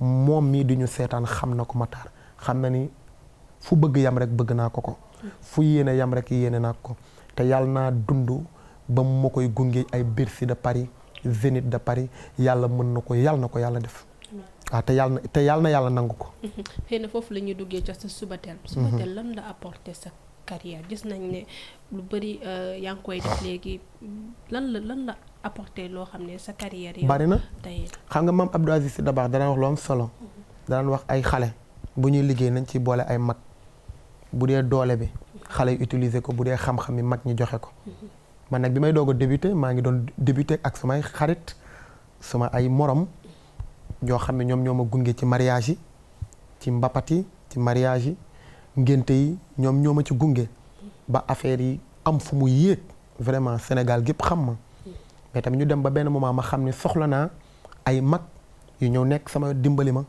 moom mii di ñu seetaan xam na ko ma Matar xam na ni fu bëgg yam rek bëgg naa ko ko fu yéene yam rek yéene naa ko te yàlla naa dund ba ma koy gunge ay Bercy de Paris Zénith de Paris yàlla mën na ko yàlla na ko yàlla def waaw te yàlla na te yàlla yàlla nangu ko carrière gis nañ ne lu bëri euh, yaa ngi koy def léegi lan la lan la apporté loo xam ne sa carrière yi bari na xam nga maam Abdou Aziz Sy Dabakh danaan wax lu am solo mm-hmm. danaan wax ay xale bu ñuy liggéey nañ ci boole ay mag bu dee doole bi xale yu utiliser ko bu dee xam-xam yi mag ñi joxe ko mm-hmm. man nag bi may doog a débuté maa ngi doon débuté ak sumay xarit suma ay morom yoo xam ne ñoom ñoo ma gunge ci mariage yi ci mbapati ci mariage yi ngénte yi ñoom ñoo ma ci gunge ba affaire yi am fu mu yéeg vraiment Sénégal gépp xam ma mais tamit ñu dem ba benn moment ma xam ne soxla naa ay mag yu ñëw nekk sama dimbali ma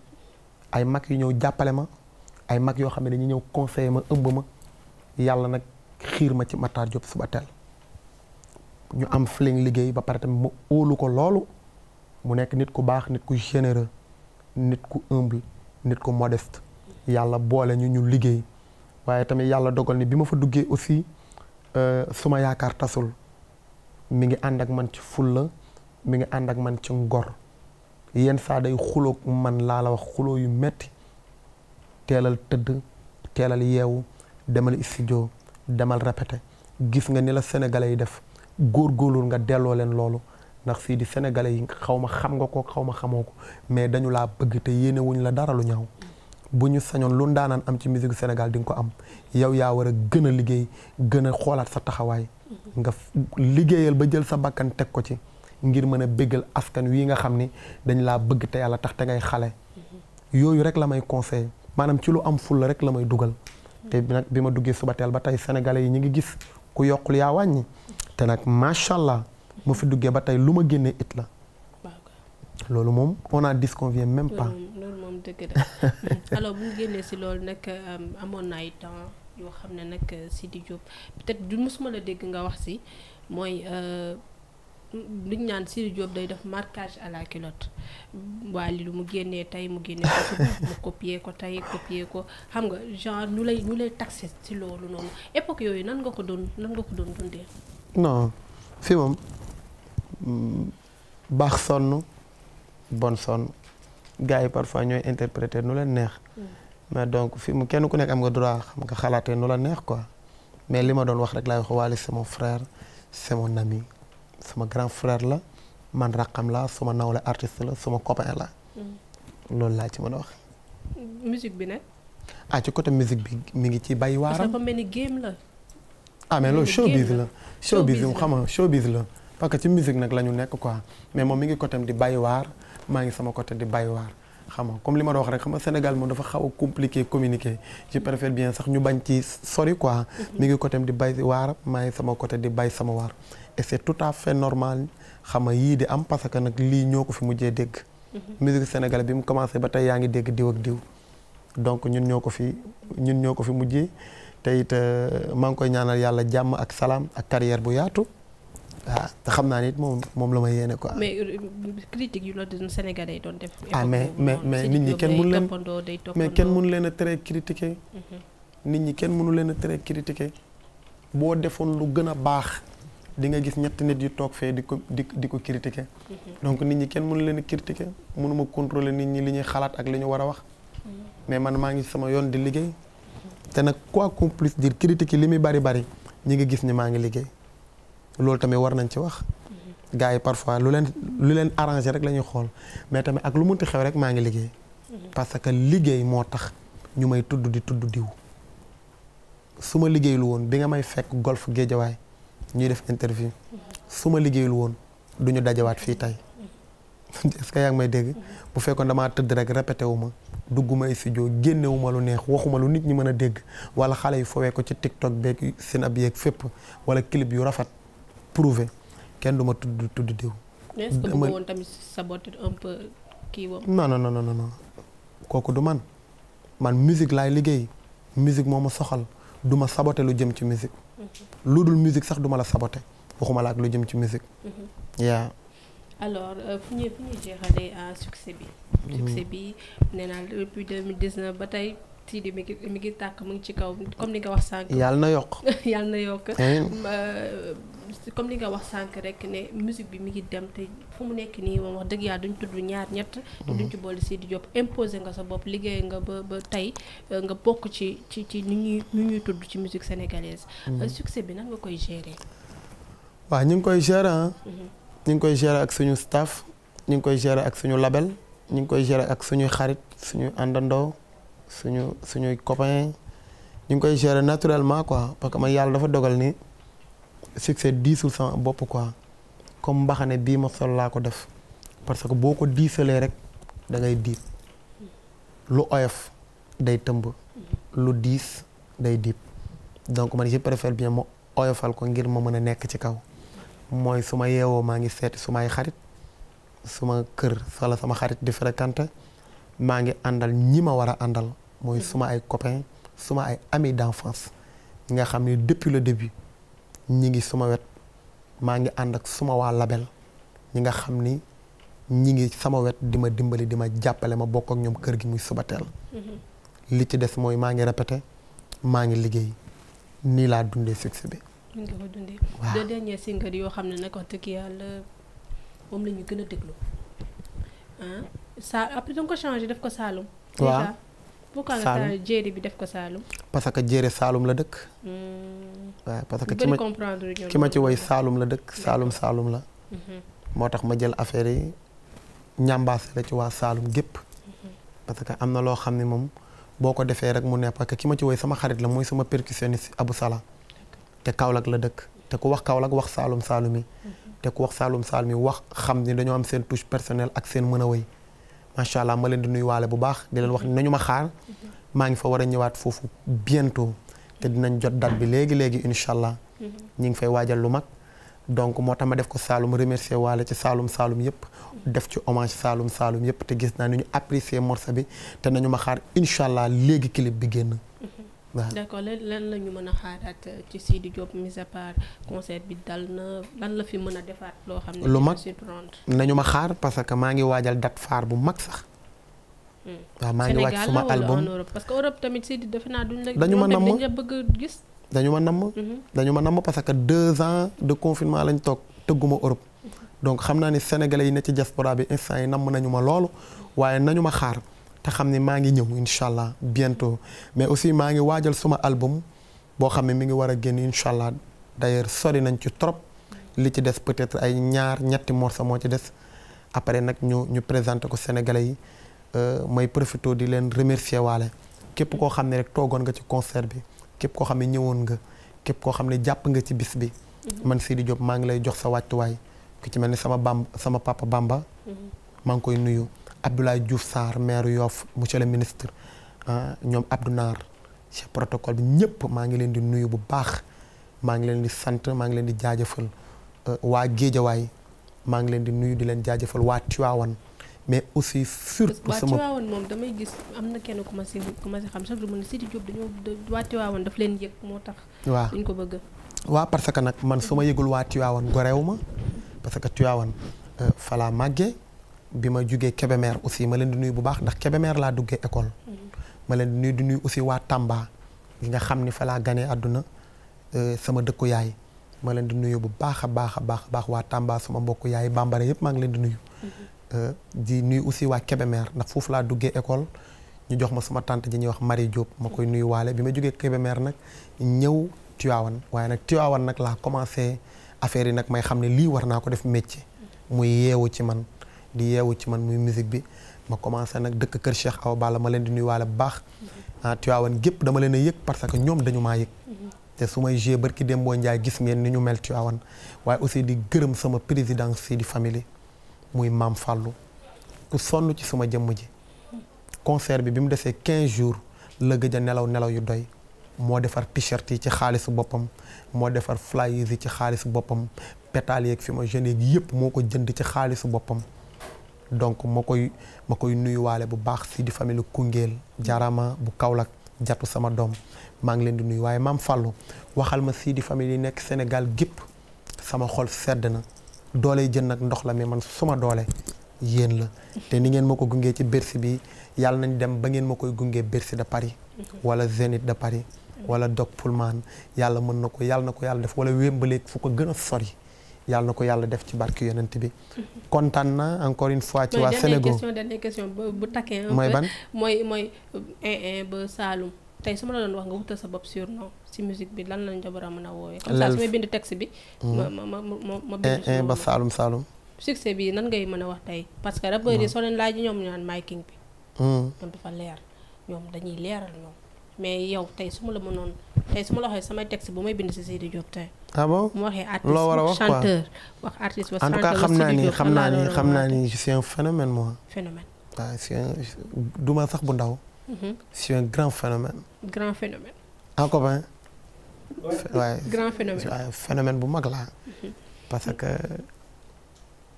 ay mag yu ñëw jàppale ma ay mag yoo xam ne dañuy ñëw conseiller ma ëmb ma yàlla nag xiir ma ci Matar Diop suba teel ñu am feeling liggéey ba pare tamit ma óolu ko loolu mu nekk nit ku baax nit ku généreux nit ku humble nit ku modeste yàlla boole ñu ñu liggéey waaye tamit yàlla dogal ni bi ma fa duggee aussi euh, suma yaakaar tasul mi ngi ànd ak man ci fulla mi ngi ànd ak man ci ngor yenn saa day xuloog man laa la wax xuloo yu metti teelal tëdd teelal yeewu demal studio demal répété gis nga ni la senegale yi def góor góorgóorlu nga delloo leen loolu ndax sii di sénégalais yi xaw ma xam nga ko xaw ma xamoo ko mais dañu laa bëgg te yéene la dara lu ñaw bu ñu sañoon lu ndaanaan am ci musique Sénégal di nga ko am yow yaa war a gën a liggéey gën a xoolaat sa taxawaay nga liggéeyal ba jël sa bakkan teg ko ci ngir mën a béggal askan wi nga xam ni dañ laa bëgg te yàlla tax te ngay xale yooyu rek la may conseil maanaam ci lu am fulla rek la may dugal te nag bi ma duggee suba teel ba tey sénégalais yi ñu ngi gis ku yokkul yaa wàññi te nag macha allah mu fi duggee ba tey lu ma génnee it la loolu moom on a disconvient même pas. loolu moom dëgg la alors bu ñu génnee si loolu nag euh, amoon na ay temps yoo xam ne nag euh, si di peut te du mosuma la dégg nga wax si mooy duñ euh, naan Sidi Diop day def marquage à la culotte waa lu mu génnee tey mu génnee ko mu copier ko tey copier ko xam nga genre ñu lay ñu lay taxé si loolu noonu époque yooyu nan nga ko doon nan nga ko doon dundee. non fi moom mm, baax sonn. Bonson gars yi parfois ñooy interpréter nu leen neex. mais donc fi mu kenn ku nekk am nga droit xam nga xalaatee nu la neex quoi mais li ma doon wax rek laay wax Wally c'est mon frère c'est mon sama grand frère la man raqam la suma nawle artiste la suma copain la. Mm. loolu laa ci mën bi nag. ah ci côté musique bi mi ngi ci bàyyi waaram. parce que mel ni game la. ah la. showbiz la xam nga showbiz la parce que ci musique nag la ñu nekk quoi mais moom mi ngi côté di bay waar. maa ngi sama côté di bay waar xam nga comme li ma la wax rek xam Sénégal moom dafa xaw a compliqué communiquer je préfère bien sax ñu bañ ci sori quoi mhm. mi ngi côté di bay waar maa ngi sama côté di bay sama waar et c'est tout à fait normal xam nga yii di am parce que nag lii ñoo ko fi mujjee dégg mhm. musique sénégalais bi mu commencé ba tey yaa ngi dégg diw ak diw donc ñun ñoo ko fi ñun ñoo ko fi mujjee te it euh, maa ngi koy ñaanal yàlla jàmm ak salaam ak carrière bu yaatu waaw ah, te xam naa nit moom moom la ma yéene quoi. mais euh, critique yu la doon ah, mais mais nit ñi kenn mënu leen mais kenn munu leen a très critiquer. Mhm. nit ñi kenn mënu leen a très critiquer. boo defoon lu gën a baax di nga gis ñetti nit yu toog fee di ko di di ko critiquer. Mhm. donc nit ñi kenn mënu leen a critiquer mënuma contrôler nit ñi li ñuy xalaat ak li ñu war a wax. Mhm. mais man maa ngi sama yoon di liggéey. te nag quoi qu'on puisse critiquer li muy bari bari ñi nga gis ni maa ngi liggéey. loolu tamit war nañ ci wax. gars yi parfois lu leen lu leen arrangé rek la ñuy xool mais tamit ak lu munti xew rek maa ngi liggéey. parce que liggéey moo tax ñu may tudd di tudd diw. su ma liggéeyul woon bi nga may fekk golf géejawaay ñuy def interview su ma liggéeyul woon du ñu dajawaat fii tey est-ce que may dégg bu fekkoon damaa tëdd rek répété wu ma dugguma studio génnewuma lu neex waxuma lu nit ñi mën a dégg wala xale yu fowee ko ci TikTok beeg seen ab yeeg fépp wala clip yu rafet prouver kenn du ma tudd tudd diw. mais est-ce que bëggoon tamit saboter un peu kii woon. non non non non kooku du man man musique laay liggéey musique moo ma soxal duma ma lu jëm ci musique. Mhm. lu dul musique sax duma ma la saboter waxuma la ak lu jëm ci musique. Mhm. yaa. alors euh, fu ñuy jeexalee euh, succès bi. Mhm. succès bi nee naa depuis 2019 ba tey. tii di mi ngi mi ngi tàkk mu ngi ci kaw comme ni nga wax sànq. yàlla na yokk yàlla yokk. comme li nga wax sànq rek ne musique bi mi ngi dem te fu mu nekk nii moom wax dëgg yàlla duñ tudd ñaar ñett. te duñ mhm. ci boole di jot imposé nga sa bopp liggéey nga ba ba tey euh, nga bokk ci ci ci ni ñuy ni ñuy tudd ci musique sénégalaise. Mhm. Euh, succès bi nag nga koy gérer. waaw ñu ngi koy gérer ah. koy gérer ak suñu staf ñu ngi koy gérer ak suñu label. ñu ngi koy gérer ak suñuy xarit suñu àndandoo. suñu suñuy copain ñu ngi koy gérer naturellement quoi parce que man yàlla dafa dogal ni succès diisul sama bopp quoi comme mbaxane bii ma sol laa ko def parce que boo ko diisalee rek da ngay diib lu oyof day tëmb lu diis day diib donc man je préfère bien ma oyofal ko ngir ma mën a nekk ci kaw mooy su ma yeewoo maa ngi seeti su may xarit suma kër sala sama xarit di fréquenté maa ngi àndal ñi ma war a àndal mooy suma ay copains suma ay amis d'enfance ñi nga xam ni depuis le début ñi ngi suma wet maa ngi ànd ak suma waa label ñi nga xam ni ñi ngi sama wet di ma dimbali di ma jàppale ma bokk ñoom kër gi muy suba teel mm-hmm. li ci des mooy maa ngi répété maa ngi liggéey nii laa dundee succès bi. ni nga ko dundee. waaw xam ne sa après ko changé def ko Saalum. waaw pourquoi jéere Saalum. parce que jéere Saalum la dëkk. waaw hmm. que ki ki ma ci woy Saalum la dëkk Saalum Saalum la. Mhm. moo tax ma jël affaire yi ñambaase la ci waa Saalum gépp mhm. parce que am na loo xam ne moom boo ko defee rek mu ne parce ki ma ci woy sama xarit la mooy sama percussionniste abu Salam te Kaolack la dëkk te ku wax Kaolack wax Saalum Saalum yi. Mhm. te ku wax Saalum Saalum yi wax xam ni dañoo am seen touche personnelle ak seen mën a woy macha allah ma leen di nuy nuyuwaale bu baax di leen wax nañu ma xaar maa ngi fa war a ñëwaat foofu bientôt te dinañ jot dal bi léegi léegi incha allah mhm. ñi ngi fay waajal lu mag donc moo tax ma def ko Saalum remercier waale ci Saalum Saalum yëpp def ci hommage Saalum Saalum yëpp te gis naa ni ñu apprécier morceau bi te nañu ma xaar incha allah léegi clip bi génn. d'accord lan lan la ñu mën a xaaraat euh, ci Sidi Diop mis à part concert bi dal na lan la fi mën a defaat loo xam ne lu mag nañu ma xaar parce que maa ngi waajal date phare bu mag sax hmm. waaw maa ngi waaj suma album parce que Europe tamit Sidi defe naa duñ la dañu ma namm dañu bëgg gis dañu ma namm mhm. dañu ma namm parce que deux ans de confinement lañ toog tëgguma Europe mhm. donc xam naa ni sénégalais yi ne ci diaspora bi instant yi namm nañu ma loolu waaye nañu ma xaar te xam ne maa ngi ñëw incha allah bientôt mais aussi maa ngi waajal suma album boo xam ne mi ngi war a génn incha allah d'ailleurs sori nañ ci trop li ci des peut-être ay ñaar ñetti morceaux moo ci des après nag ñu ñu présenté ko Sénégalais yi euh, may profité di leen remercier waale képp koo xam ne rek toogoon nga ci concert bi képp koo xam ne ñëwoon nga képp koo xam ne jàpp nga ci bis bi. Mm-hmm. man Sidi jot maa ngi lay jox sa wàccuwaay ki ci mel ni sama baam sama papa Bamba. Mm-hmm. maa ngi Abdoulaye Diouf Sarr maire Yoff monsieur le ministre ah, ñoom Abdou Naar chef protocole bi ñëpp maa ngi leen di nuyu bu baax maa ngi leen di sant maa ngi leen di jaajëfal euh, waa Géejawaay maa ngi leen di nuyu di leen jaajëfal waa Tiwaawan mais aussi surtout sama waa Tiwaawan moom gis am na kenn ku ma si ku ma si xam waa Tiwaawan daf leen yëg moo tax. waaw parce que nag man su ma yëgul waa Tiwaawan goreewu ma parce que Tiwaawan euh, falaa màggee. bi ma jugee Kébémer aussi ma leen di nuyu bu baax ndax Kébémer laa duggee ma leen di nuyu di nuyu aussi waa Tamba. gi nga xam ni fa ganee àdduna euh, sama dëkku ma leen di nuyu bu baax a baax a baax baax waa Tamba sama mbokku yaay yëpp maa ngi leen di nuyu. Euh, di nuyu aussi waa Kébémer ndax foofu laa duggee école. ñu jox ma sama tante ji ñuy wax Marie Diop ma koy nuyu waale bi ma jógee Kébémer nag ñëw Tiwaawan waaye nag Tiwaawan nag laa commencé affaire yi nag may xam ne lii war naa ko def métier. muy yeewu ci man. di yeewu ci man muy musique bi ma commencé nag dëkk kër Cheikh aw bala ma leen di nuyuwaale bu baax ah Tivaouane gépp dama leen a yëg parce que ñoom dañu maa yëg te su may joué barki Dembo Ndiaye gis ngeen ni ñu mel Tivaouane waaye aussi di gërëm sama président si di famille muy maam fàllu ku sonn ci suma jëmm ji concert bi bi mu desee quinze jours la gëj a nelaw nelaw yu doy moo defar t-shirt yi ci xaalisu boppam moo defar flyers yi ci xaalisu boppam pétales yeeg fi ma jeunes yeeg yëpp moo ko jënd ci xaalisu boppam donc ma koy ma koy nuyuwaale bu baax si di famille Koungheul jaarama bu Kaolack jatu sama doom maa ngi leen di nuyu waaye maam Fallou waxal ma si di famille yi nekk Sénégal gépp sama xol sedd na doole jën nag ndox la mais man suma doole yéen la te ni ngeen ma ko gungee ci Bercy bi yàlla nañ dem ba ngeen ma koy gungee Bercy de Paris wala Zénith de Paris wala Dock Pullman yàlla mën na ko yàlla na ko yàlla def wala Wembley fu ko gën a sori yàlla na ko yàlla def ci barke yonent bi kontaan na encore une fois ci waa Sénégal mooy dernière question bu takkee mooy ban mooy mooy ba Saalum tey su ma la doon wax nga wutal sa bopp surnom si musique bi lan lañ jabar a mën a woowee comme ça su may bind bi hmm. ma ma ma ma bind ba Saalum Saalum succès bi nan ngay mën a wax tey parce que rappeurs yi hmm. soo leen laaj ñoom ñu naan maay king bi hmm. ñoom dafa leer ñoom dañuy leeral ñoom mais yow tey su ma la mënoon tey su ma la waxee samay texte bu may bind si Sidi Diop tey ah bon mu waxee artiste wax artiste en tout cas xam naa ni xam naa ni xam naa ni c'est un phénomène ah, duma sax bu ndaw. c'est mhm. un grand phénomène. en commun. waaye grand phénomène waaye phénomène bu mag laa. Mhm. parce que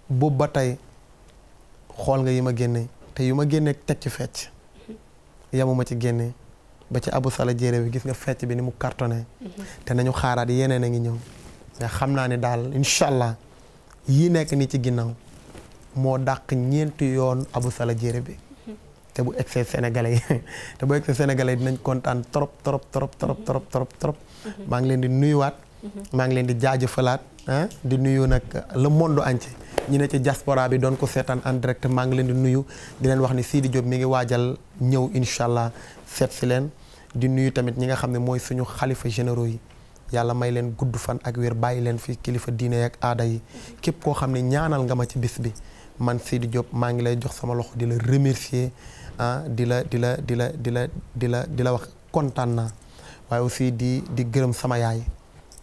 boobu ba tey xool nga yi ma génne te yu ma génne teg ci fecc mhm. yamuma ci génne. ba ci abu Sala Diéré bi gis nga fecc bi ni mu kartone mhm. te nañu xaaraat yeneen a ngi ñëw. nga xam naa ne daal incha allah yii nekk nii ci ginnaw moo dàq ñeenti yoon abu Sala Diéré bi. Mhm. te bu egsee Sénégalais yi te bu egsee Sénégalais yi dinañ kontaan trop trop trop trop mhm. trop trop trop. maa ngi leen di nuyuwaat. maa ngi leen di jaajëfalaat ah di nuyu nag le monde entier. ñu ne ci diaspora bi doon ko seetaan en direct maa ngi leen di nuyu di leen wax ni Sidi Diop mi ngi waajal ñëw incha allah seet si leen. di nuyu tamit ñi nga xam ne mooy suñu xalifa généraux yi yàlla may leen gudd fan ak wér bàyyi leen fi kilifa diine ak aada yi képp koo xam ne ñaanal nga ma ci bis bi man Sidi Diop maa ngi lay jox sama loxo di la remercier ah di la di la di la di la di la di la wax kontaan naa waaye aussi di di gërëm sama yaay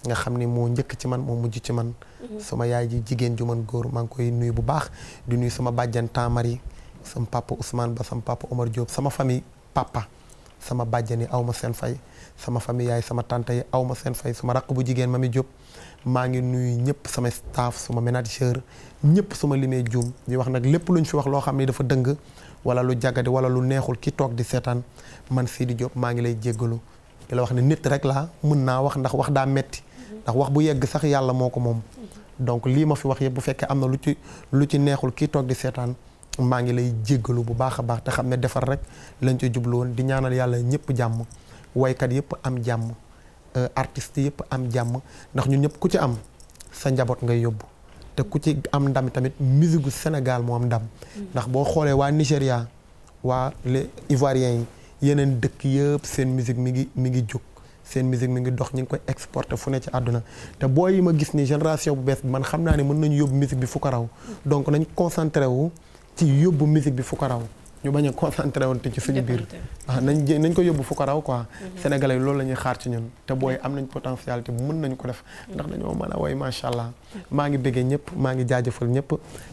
nga xam ni moo njëkk ci man moo mujj ci man mm-hmm. sama yaay ji jigéen ju man góor maa ngi koy nuyu bu baax di nuyu sama bàjjan Tamari sama papa Ousmane ba sama papa Omar Diop sama bàjjani yi aw ma seen fay sama famille yaay sama tante yi aw ma seen fay suma raq bu jigéen ma mi jóg maa ngi nuyu ñëpp sama staff suma manager ñëpp suma limee juum di wax nag lépp lu ñu fi wax loo xam ne dafa dëng wala lu jagadi wala lu neexul ki toog di seetaan man di Diop maa ngi lay jéggalu di la wax ne nit rek laa mën naa wax ndax wax daa metti ndax wax bu yegg sax yàlla moo ko moom mm-hmm. donc lii ma fi wax yëpp bu fekkee am na lu ci lu ci neexul kii toog di seetaan maa ngi lay jéggalu bu baax a baax te xam ne defar rek lañ ci jublu woon di ñaanal yàlla ñëpp jàmm waykat yëpp am jàmm euh, artistes yëpp am jàmm ndax ñu ñëpp ku ci am sa njaboot ngay yóbbu te ku ci am ndam tamit musique gu Sénégal moom ndam mm. ndax boo xoolee waa Nigéria waa les Ivoiriens yi yeneen dëkk yëpp seen musique mi ngi mi ngi jug seen musique mi ngi dox ñu ngi koy exporté fu ne ci àdduna te boo yi ma gis ni génération bu bees man xam naa ne mën nañu yóbbu musique bi fu ko raw mm. wu ci yóbbu musique bi fu ko raw ñu bañ a concentré woon te ci suñu biir waaw ah, nañ nañ ko yóbbu fu raw quoi mhm. sénégalais loolu la ñuy xaar ci ñun te booy mhm. am nañ potentiel te mën nañ ko def mhm. ndax dañoo man a woy macha allah maa ngi béggee ñëpp maa ngi jaajëfal ñëpp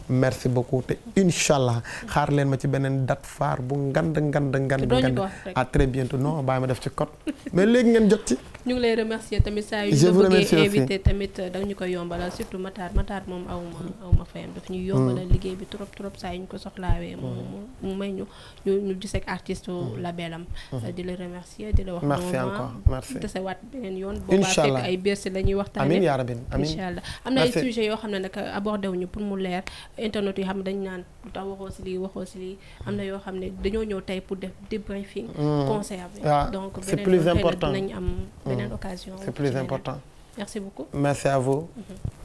merci beaucoup te incha allah xaar leen ma ci beneen date faar bu ngand ngand ngand ngand à très bientôt non bàyyi ma def ci code mais léegi ngeen jot ci ñu ngi lay remercier tamit saa yu ñu bëggee invité tamit euh, dañu koy yombalal surtout Matar Matar moom aw ma aw ma fayam daf ñuy yombalal hmm. liggéey bi trop trop saa yu ñu ko soxlaawee moom hmm. mu may ñu ñu ñu gis ak artiste hmm. labelam euh, di la remercier di la wax merci encore merci desewaat yoon boobaa fekk ay bersi la ñuy waxtaane amiin yaa rabbi amiin na yoo xam ne nag euh, abordé wuñu pour mu leer internet yi xam dañ naan lu tax waxoo si lii waxoo si lii am na yoo xam ne dañoo ñëw tey pour def débriefing conseil ah, donc beneen nañ am beneen mmh. occasion. c'est plus important merci beaucoup. merci à vous. Mm -hmm.